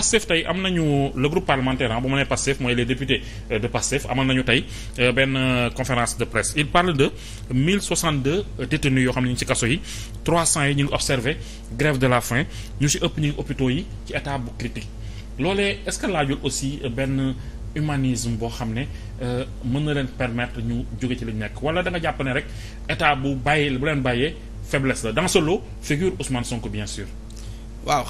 Pastef tey am nañu le groupe parlementaire ah bu ma nee Pastef mooy les députés euh, de Pastef amal nañu tey euh, benn euh, conférence de presse il parle de 1062 yoo xam ne ñu ngi ci kaso yi yi ñu ngi observé grève de la faim ñu ci ëpp ñu ngi hôpitaux yi ci état bu critique loolee est que laajul aussi benn humanisme boo xam ne mën na leen permettre ñu jóge ci li ñu nekk wala da nga jàpp ne rek état bu bàyyi bu leen bàyyee faiblesse la dans ce lot figure Ousmane Sonko bien sûr. waaw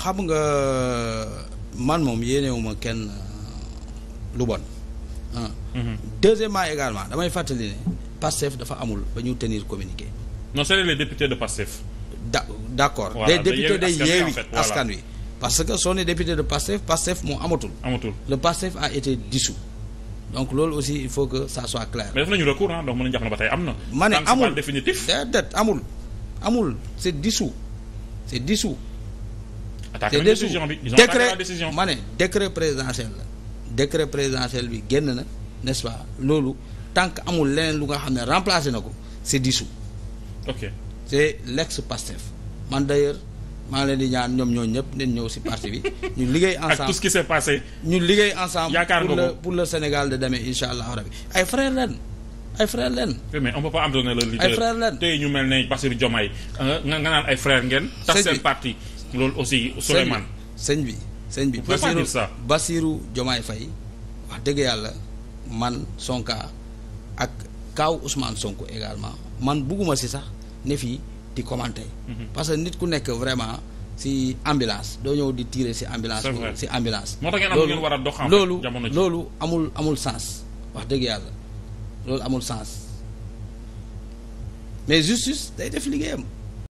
man moom yéenewuma kenn euh, lu bon ah. Mhm. deuxièmement également damay fàttali ne Pastef dafa amul ba ñu tenir communiqué. non c'est les députés de Pastef. da d'accord voilà, les députés de Yewwi Askan Wi parce que soo ne député de Pastef Pastef moo amatul. amatul le Pastef a été dissous. donc loolu aussi il faut que ça soit clair. mais def nañu recours ah donc mën nañu jàpp ne ba tey am na. ma amul définitif déedéet amul amul c'est dissous c'est dissous. attaqué nañu décision bi ils ont attaqué la décision ma ne présidentiel la décret présidentiel bi génn na nest pas loolu tant que amul leneen lu nga xam ne remplacé na ko c'est dissous. ok c'est l'ex-Pastef man d'ailleurs maa leen di ñaan ñoom ñoo ñëpp nañ ñëw si parti bi ñu liggéey ensemble ak tout ñu liggéey ensemble yaakaar pour le pour le Sénégal de demain incha allah rabi ay frère leen ay frère leen. oui ay frère leen tey ñu mel ne Bassirou Diomaye ah, nga naan ay frère ngeen. tax seen parti. loolu aussi Souleymane sëñ bi sëñ bi Basiru Basiru Jomaay Fay wax dëgg yàlla man Sonko ak kaaw Ousmane Sonko également man bugguma si sax ne fii di commenter mhm. parce que nit ku nekk vraiment si ambulance doo ñëw di tiire si ambulance si ambulance moo tax ngeen war a dox loolu loolu amul amul sens wax dëgg yàlla loolu amul sens mais justice day def liggéeyam